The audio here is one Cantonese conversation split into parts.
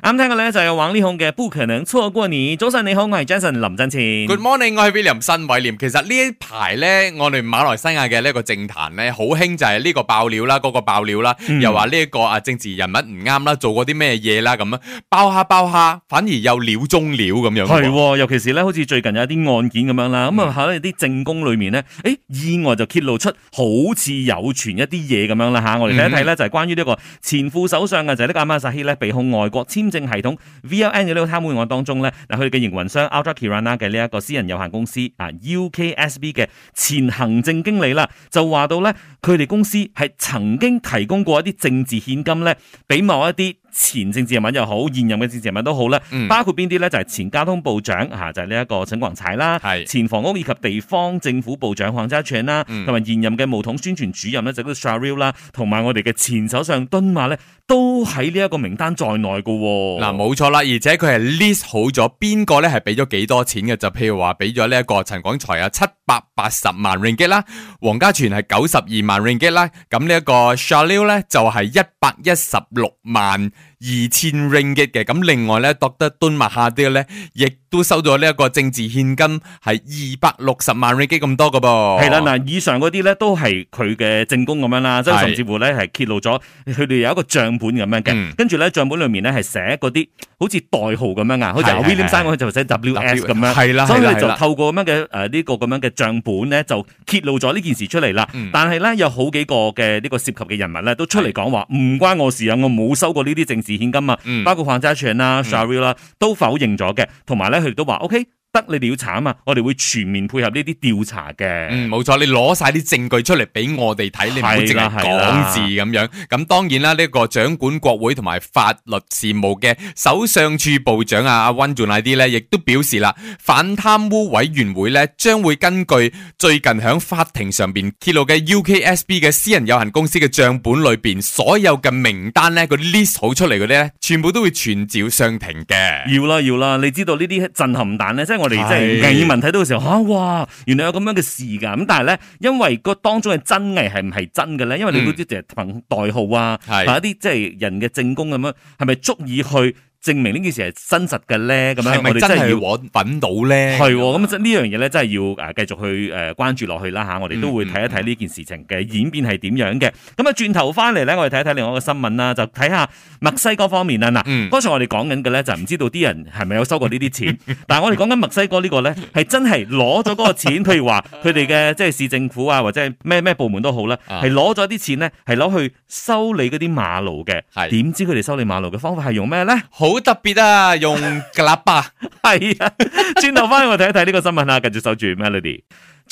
啱聽嘅咧就係王力宏嘅不可能錯過你早晨你好，我係 Jason 林振前。Good morning，我係 William 新偉廉。其實呢一排咧，我哋馬來西亞嘅呢一個政壇咧好興就係呢個爆料啦，嗰、那個爆料啦，嗯、又話呢一個啊政治人物唔啱啦，做過啲咩嘢啦咁啊，包下包下，反而有料中料咁樣。係、哦，尤其是咧，好似最近有一啲案件咁樣啦，咁啊喺啲政宮裏面咧，誒意外就揭露出好似有傳一啲嘢咁樣啦吓，嗯、我哋睇一睇咧就係關於呢個前副首相嘅就係呢個阿馬薩希咧被控外國。簽證系統 VLN 嘅呢個貪污案當中咧，嗱，佢嘅營運商 Ultra Kirana 嘅呢一個私人有限公司啊 UKSB 嘅前行政經理啦，就話到咧，佢哋公司係曾經提供過一啲政治獻金咧，俾某一啲。前政治人物又好，現任嘅政治人物都好啦，嗯、包括邊啲咧？就係、是、前交通部長嚇，就係呢一個陳廣才啦；是前房屋以及地方政府部長黃家全啦，同埋、嗯、現任嘅巫統宣傳主任咧，就係、是、Sharil 啦，同埋我哋嘅前首相敦馬咧，都喺呢一個名單在內嘅、哦。嗱、嗯，冇錯啦，而且佢係 list 好咗邊、這個咧係俾咗幾多錢嘅？就譬如話俾咗呢一個陳廣才啊七百八十萬 ringgit 啦，黃家全係九十二萬 ringgit 啦，咁呢一個 Sharil 咧就係一百一十六萬。二千 ringgit 嘅，咁另外咧 Doctor 敦馬哈迪咧，亦都、ah、收到呢一個政治獻金，係二百六十萬 ringgit 咁多嘅噃。係啦，嗱，以上啲咧都係佢嘅證供咁樣啦，即係的甚至乎咧係揭露咗佢哋有一個賬本咁樣嘅，跟住咧賬本裏面咧係寫嗰啲好似代號咁樣啊，好似 William 生嗰陣時就寫 WS 咁樣，係啦，是所以咧就透過咁樣嘅誒呢個咁樣嘅賬本咧就揭露咗呢件事出嚟啦。嗯、但係咧有好幾個嘅呢個涉及嘅人物咧都出嚟講話唔關我事啊，我冇收過呢啲政治。嗯現金啊，包括黃家傳啦、Sharry 啦，都否認咗嘅，同埋咧，佢哋都話 OK。得你哋要查啊嘛，我哋會全面配合呢啲調查嘅。嗯，冇錯，你攞晒啲證據出嚟俾我哋睇，你唔好淨係講字咁樣。咁當然啦，呢個掌管國會同埋法律事務嘅首相處部長啊，阿溫頓啊啲呢，亦都表示啦，反貪污委員會呢，將會根據最近響法庭上邊揭露嘅 UKSB 嘅私人有限公司嘅賬本裏邊所有嘅名單呢個 list 好出嚟嗰啲呢，全部都會傳召上庭嘅。要啦，要啦，你知道呢啲震撼彈呢，即係。我哋即係藝民睇到嘅時候，吓哇， 原來有咁樣嘅事噶。咁但係咧，因為個當中嘅真偽係唔係真嘅咧，因為你嗰啲淨係憑代號啊，係是的 一啲即係人嘅證供咁樣，係咪足以去證明呢件事係真實嘅咧，咁樣我哋真係要揾到咧，係喎。咁呢樣嘢咧，真係要誒繼續去誒關注落去啦吓，我哋都會睇一睇呢件事情嘅演變係點樣嘅。咁啊、嗯，轉頭翻嚟咧，我哋睇一睇另外一個新聞啦，就睇下墨西哥方面啦嗱。嗯，剛才我哋講緊嘅咧，就唔知道啲人係咪有收過呢啲錢，嗯、但係我哋講緊墨西哥呢、這個咧，係 真係攞咗嗰個錢，譬 如話佢哋嘅即係市政府啊，或者係咩咩部門都好啦，係攞咗啲錢咧，係攞去修理嗰啲馬路嘅。係點的知佢哋修理馬路嘅方法係用咩咧？好特別啊！用夾把，係啊，轉頭返去睇一睇呢個新聞啊，繼續守住 Melody。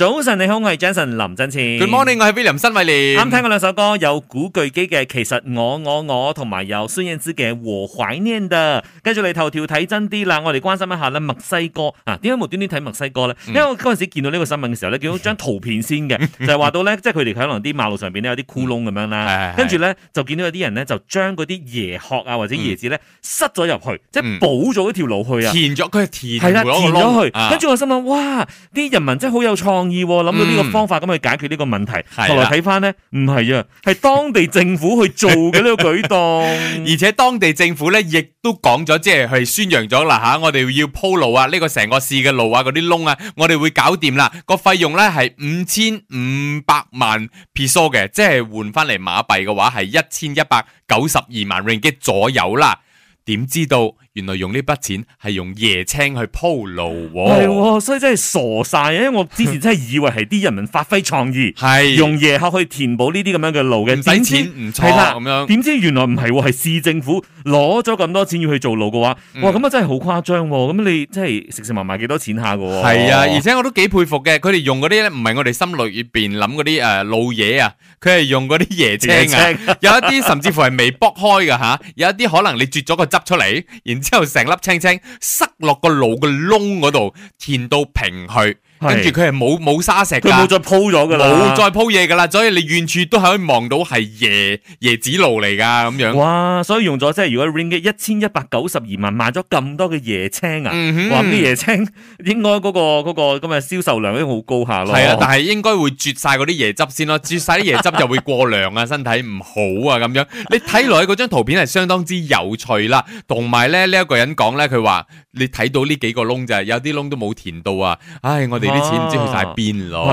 早晨，你好，我係 Jason 林振前。Good morning，我係 William 新偉廉。啱聽過兩首歌，有古巨基嘅《其實我我我》，同埋有孫燕姿嘅《我懷念的》。跟住嚟頭條睇真啲啦，我哋關心一下啦，墨西哥啊，點解無端端睇墨西哥咧？嗯、因為我陣時見到呢個新聞嘅時候咧，見到張圖片先嘅，嗯、就係話到咧， 即係佢哋可能啲馬路上邊咧有啲窟窿咁樣啦，跟住咧就見到有啲人咧就將嗰啲椰殼啊或者椰子咧塞咗入去，即係補咗一條路去、嗯、啊，填咗佢係填係啦，填咗去，跟住我心諗，哇，啲人民真係好有創。諗到呢個方法咁去解決呢個問題，嗯啊、後來睇翻呢，唔係啊，係當地政府去做嘅呢個舉動， 而且當地政府呢亦都講咗，即係係宣揚咗啦吓，我哋要鋪路啊，呢、呢個成個市嘅路啊，嗰啲窿啊，我哋會搞掂啦，個費用呢係五千五百萬 peso 嘅，即係換翻嚟馬幣嘅話係一千一百九十二萬 ringgit 左右啦，點知道？原來用呢筆錢係用椰青去鋪路，哦，係，哦，所以真係傻晒啊！因為我之前真係以為係啲人民發揮創意，係 是用椰殼去填補呢啲咁樣嘅路嘅，唔使錢，唔知錯咁的樣。點知原來唔係，哦，係市政府攞咗咁多錢要去做路嘅話，嗯、哇咁啊真係好誇張，哦，咁你真係食食埋埋幾多錢下噶、哦？係啊，而且我都幾佩服嘅，佢哋用嗰啲咧唔係我哋心裏邊諗嗰啲誒老嘢啊，佢係用嗰啲椰青啊，青啊 有一啲甚至乎係未卜開嘅吓，有一啲可能你啜咗個汁出嚟，然。之後成粒青青塞落個腦個窿嗰度，填到平去。跟住佢係冇冇沙石，佢冇再鋪咗噶啦，冇再鋪嘢噶啦，所以你遠處都係可以望到係椰椰子路嚟噶咁樣。哇！所以用咗即係如果 Ringgit 一千一百九十二萬賣咗咁多嘅椰青啊，話啲、嗯、哼椰青應該嗰、那個嗰、那個咁嘅銷售量應該好高下咯。係啊，但係應該會絕晒嗰啲椰汁先咯，絕晒啲椰汁就會過涼啊， 身體唔好啊咁樣。你睇落去嗰張圖片係相當之有趣啦，同埋咧呢一、這個人講咧，佢話你睇到呢幾個窿就係有啲窿都冇填到啊，唉我哋。 啲錢唔知去晒邊咯，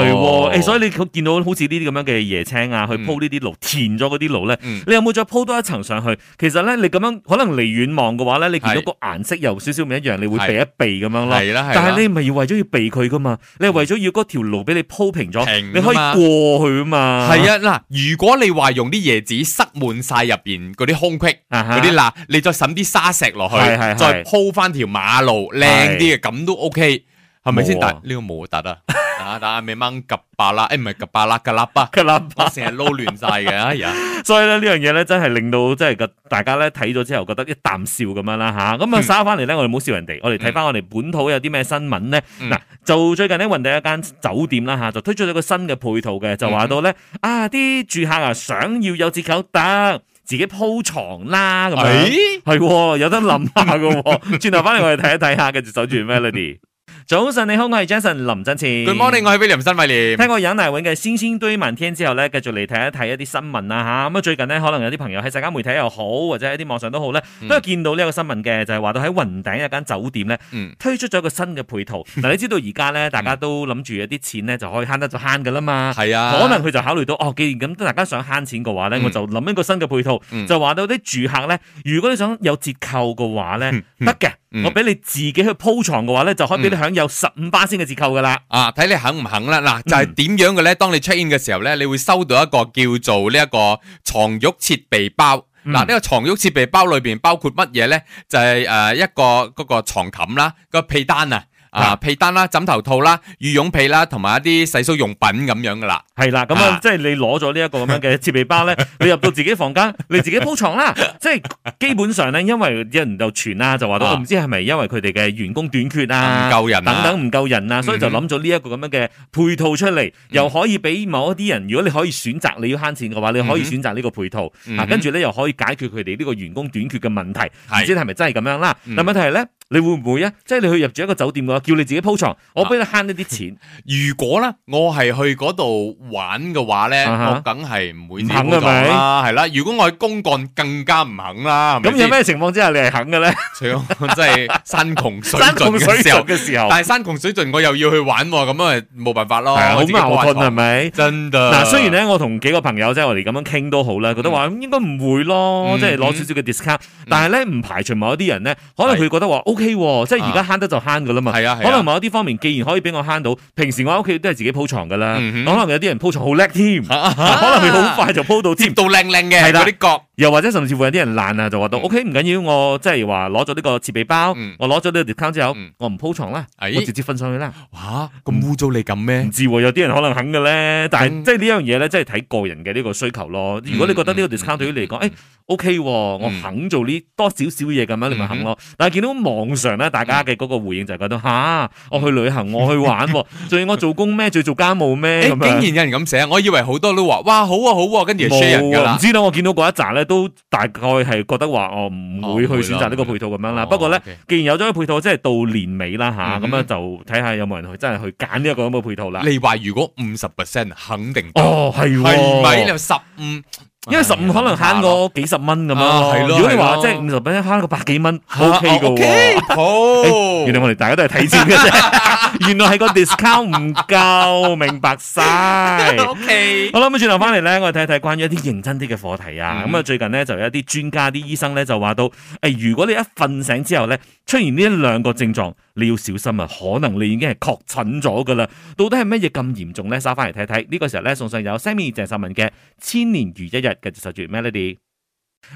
係，所以你佢見到好似呢啲咁樣嘅椰青啊，去鋪呢啲路，填咗嗰啲路咧，你有冇再鋪多一層上去？其實咧，你咁樣可能離遠望嘅話咧，你見到個顏色又少少唔一樣，你會避一避咁樣咯。係啦，但係你咪要為咗要避佢噶嘛？你係為咗要嗰條路俾你鋪平咗，你可以過去啊嘛。係啊，嗱，如果你話用啲椰子塞滿晒入邊嗰啲空隙嗰啲罅，你再揾啲沙石落去，再鋪翻條馬路靚啲嘅，咁都 OK。係咪先？但呢個模特啊！打打未掹吉巴啦，誒唔係吉巴啦，吉啦巴，吉啦巴，成日撈亂晒嘅。哎呀，所以咧呢樣嘢咧，真係令到真係個大家咧睇咗之後，覺得一啖笑咁樣啦吓。咁啊，耍翻嚟咧，我哋唔好笑人哋，我哋睇翻我哋本土有啲咩新聞咧。嗱、嗯，就最近咧，搵第一間酒店啦吓，就推出咗個新嘅配套嘅，就話到咧啊，啲住客啊，想要有折扣，得自己鋪床啦咁、哎、樣，係、哦、有得諗下嘅。轉頭翻嚟，我哋睇一睇下，跟住守住 Melody。早晨，你好，我係 Jason 林振前。Good morning，我係 William 新威廉。聽過楊乃永嘅《星星堆滿天》之後咧，繼續嚟睇一睇一啲新聞啦。吓。咁啊，最近呢，可能有啲朋友喺社交媒體又好，或者喺啲網上都好咧，都係見到呢一個新聞嘅，就係話到喺雲頂一間酒店咧，推出咗一個新嘅配套。嗱， 你知道而家咧，大家都諗住有啲錢咧，就可以慳得就慳噶啦嘛。係啊，可能佢就考慮到哦，既然咁，大家想慳錢嘅話咧， 我就諗一個新嘅配套， 就話到啲住客咧，如果你想有折扣嘅話咧，得嘅， 我俾你自己去鋪床嘅話咧，就可以俾你享。 有十五巴仙嘅折扣噶啦、啊，啊，睇你肯唔肯啦。嗱，就係點樣嘅咧？當你 check in 嘅時候咧，你會收到一個叫做呢一個床褥設備包。嗱、啊，呢、這個床褥設備包裏邊包括乜嘢咧？就係、是、誒、呃、一個嗰個，個床冚啦，個被單啊。啊，被單啦、枕頭套啦、羽絨被啦，同埋一啲洗漱用品咁樣噶啦。係啦，咁啊，即係你攞咗呢一個咁樣嘅設備包咧，你入到自己房間，你自己鋪床啦。即係基本上咧，因為有人就傳啊，就話到我唔知係咪因為佢哋嘅員工短缺啊，唔夠人等等唔夠人啊，所以就諗咗呢一個咁樣嘅配套出嚟，又可以俾某一啲人，如果你可以選擇，你要慳錢嘅話，你可以選擇呢個配套。嗯。跟住咧，又可以解決佢哋呢個員工短缺嘅問題，唔知係咪真係咁樣啦？但問題係咧。你會唔會啊？即係你去入住一個酒店嘅話，叫你自己鋪床，我俾你慳一啲錢，啊。如果咧我係去嗰度玩嘅話咧，啊、哈我梗係唔會點講啦，係啦。如果我去公幹，更加唔肯啦。咁有咩情況之下你係肯嘅咧？除即係山窮水盡嘅時候， 窮時候 但係山窮水盡，我又要去玩，咁啊冇辦法咯，好矛盾係咪？是是真嘅的。嗱、啊，雖然咧我同幾個朋友即係、就是、我哋咁樣傾都好啦，覺得話應該唔會咯，即係攞少少嘅 discount，嗯。嗯、但係咧唔排除某一啲人咧，可能佢覺得話 O K，即係而家慳得就慳噶啦嘛。係啊，可能某啲方面既然可以俾我慳到，平時我喺屋企都係自己鋪床噶啦。可能有啲人鋪床好叻添，可能好快就鋪到，添，到靚靚嘅嗰啲角。又或者甚至乎有啲人爛啊，就話到 O K，唔緊要，我即係話攞咗呢個設備包，我攞咗呢個 discount 之後，我唔鋪床啦，我直接瞓上去啦。哇，咁污糟你敢咩？唔知有啲人可能肯嘅咧，但係即係呢樣嘢咧，即係睇個人嘅呢個需求咯。如果你覺得呢個 discount 對於你嚟講，誒。O K，我肯做呢多少少嘢咁樣，你咪肯咯。但係見到網上咧，大家嘅嗰個回應就係覺得吓，我去旅行，我去玩，仲要我做工咩？仲要做家務咩？竟然有人咁寫，我以為好多都話哇，好啊，好，跟住 share 人㗎啦。唔知啦，我見到嗰一扎咧，都大概係覺得話，我唔會去選擇呢個配套咁樣啦。不過咧，既然有咗個配套，即係到年尾啦吓，咁樣就睇下有冇人去真係去揀呢一個咁嘅配套啦。你話如果五十 percent 肯定哦，係喎，係咪十五？因為十五可能慳個幾十蚊咁樣，如果你話即係五十蚊慳個百幾蚊，O K 噶喎好，原來我哋大家都係睇錢嘅啫，原來係個 discount 唔夠，明白晒。O K，好啦，咁轉頭翻嚟咧，我哋睇一睇關於一啲認真啲嘅課題啊，咁啊最近咧就有一啲專家、啲醫生咧就話到，誒，如果你一瞓醒之後咧出現呢兩個症狀。你要小心啊！可能你已經係確診咗噶啦，到底係乜嘢咁嚴重咧？收翻嚟睇睇。呢個時候咧，送上有 Sammy 鄭秀文嘅《千年如一日》嘅插曲 Melody。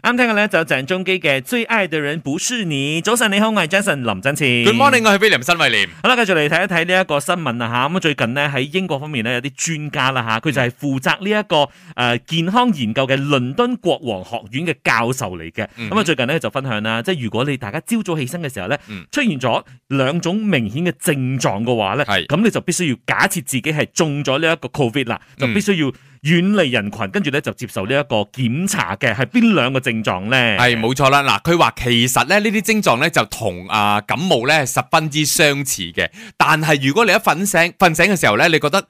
啱聽嘅咧就鄭中基嘅最愛的人不是你。早晨你好，我係 Jason 林振前。Good morning，我係菲林 l l 新偉廉。好啦，繼續嚟睇一睇呢一個新聞啊吓。咁啊，最近呢，喺英國方面咧有啲專家啦吓，佢就係負責呢、這、一個誒、呃、健康研究嘅倫敦國王學院嘅教授嚟嘅。咁啊、mm，hmm. 最近咧就分享啦，即係如果你大家朝早起身嘅時候咧，mm hmm. 出現咗兩種明顯嘅症狀嘅話咧，咁、mm hmm. 你就必須要假設自己係中咗呢一個 COVID 啦，就必須要、mm。Hmm. 遠離人群，跟住咧就接受呢一個檢查嘅，係邊兩個症狀呢？係冇錯啦，嗱，佢話其實咧呢啲症狀呢就同啊、呃、感冒呢十分之相似嘅，但係如果你一瞓醒，瞓醒嘅時候呢，你覺得？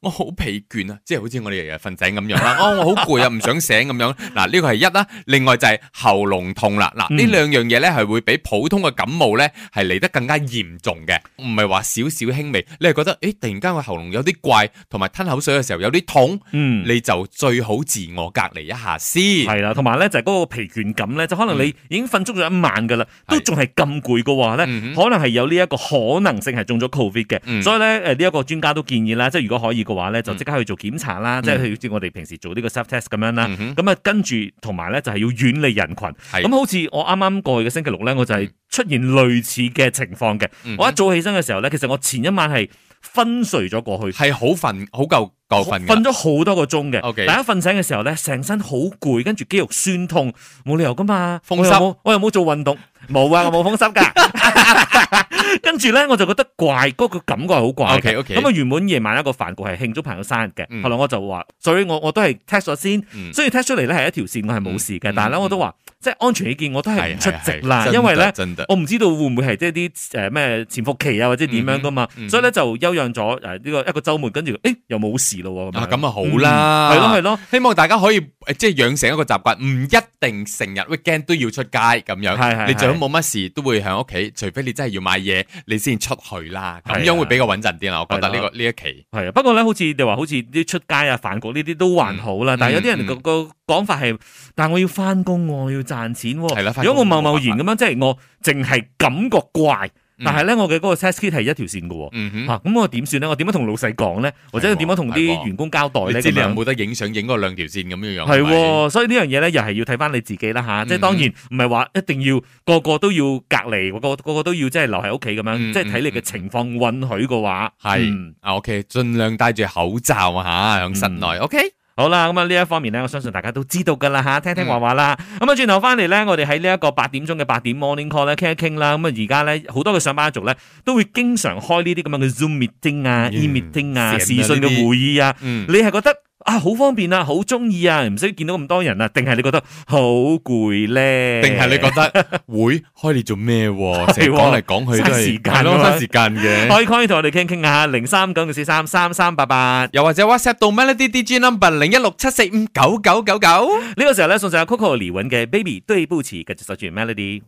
我好疲倦啊，即係好似我哋日日瞓醒咁樣啦。 哦，我好攰啊，唔想醒咁樣。嗱，呢個係一啦。另外就係喉嚨痛啦。嗱，呢兩樣嘢咧係會比普通嘅感冒咧係嚟得更加嚴重嘅，唔係話少少輕微。你係覺得誒，突然間個喉嚨有啲怪，同埋吞口水嘅時候有啲痛，嗯、你就最好自我隔離一下先。係啦，同埋咧就係、是、嗰個疲倦感咧，就可能你已經瞓足咗一晚噶啦，都仲係咁攰嘅話咧，嗯、哼可能係有呢一個可能性係中咗 COVID 嘅。所以咧，誒呢一個專家都建議啦，即係如果可以。嘅話咧，就即刻去做檢查啦，嗯、即係好似我哋平時做呢個 self test 咁樣啦。咁啊、嗯哼，跟住同埋咧，就係要遠離人群。咁的好似我啱啱過去嘅星期六咧，我就係。出現類似嘅情況嘅，我一早起身嘅時候咧，其實我前一晚係昏睡咗過去，係好瞓，好夠夠瞓瞓咗好多個鐘嘅。OK，大家瞓醒嘅時候咧，成身好攰，跟住肌肉酸痛，冇理由噶嘛，風濕，我又冇做運動，冇啊，我冇風濕噶。跟住咧，我就覺得怪，嗰個感覺係好怪嘅。OK，OK。咁啊，原本夜晚一個飯局係慶祝朋友生日嘅，後來我就話，所以我我都係 test 咗先，所以 test 出嚟咧係一條線，我係冇事嘅，但係咧我都話。即係安全起見，我都係唔出席啦，因為咧，我唔知道會唔會係即係啲誒咩潛伏期啊或者點樣噶嘛，所以咧就休養咗誒呢個一個週末，跟住誒又冇事咯喎，咁啊好啦，係咯係咯，希望大家可以即係養成一個習慣，唔一定成日 weekend 都要出街咁樣，你最好冇乜事都會喺屋企，除非你真係要買嘢，你先出去啦，咁樣會比較穩陣啲啦。我覺得呢個呢一期係啊，不過咧好似你話好似啲出街啊、飯局呢啲都還好啦，但係有啲人個個講法係，但係我要返工，我要。賺錢係啦。如果我貿貿然咁樣，即係我淨係感覺怪，但係咧，我嘅嗰個 test kit 係一條線嘅。嗯哼，咁我點算咧？我點樣同老細講咧？或者點樣同啲員工交代咧？你知唔知有冇得影相影嗰兩條線咁嘅樣？係，所以呢樣嘢咧，又係要睇翻你自己啦吓。即係當然唔係話一定要個個都要隔離，個個個都要即係留喺屋企咁樣，即係睇你嘅情況允許嘅話。係，OK，盡量戴住口罩啊吓，喺室內 OK。好啦，咁啊呢一方面咧，我相信大家都知道噶啦吓，聽聽話話啦。咁啊轉頭翻嚟咧，我哋喺呢一個八點鐘嘅八點 morning call 咧傾一傾啦。咁啊而家咧，好多嘅上班族咧都會經常開呢啲咁樣嘅 zoom meeting 啊、嗯、e meeting 啊、視訊嘅會議啊，嗯、你係覺得？啊，好方便啊，好中意啊，唔需要見到咁多人啊，定係你覺得好攰咧？定係你覺得會、 哎、開嚟做咩？嚟講嚟講去都係嘥時間嘅、啊。時間可以可以同我哋傾傾下，零三九四三三三八八，又或者 WhatsApp 到 Melody D G Number 零一六七四五九九九九。呢個時候咧，送上 Coco 李玟嘅 Baby，對不起嘅繼續守住 Melody。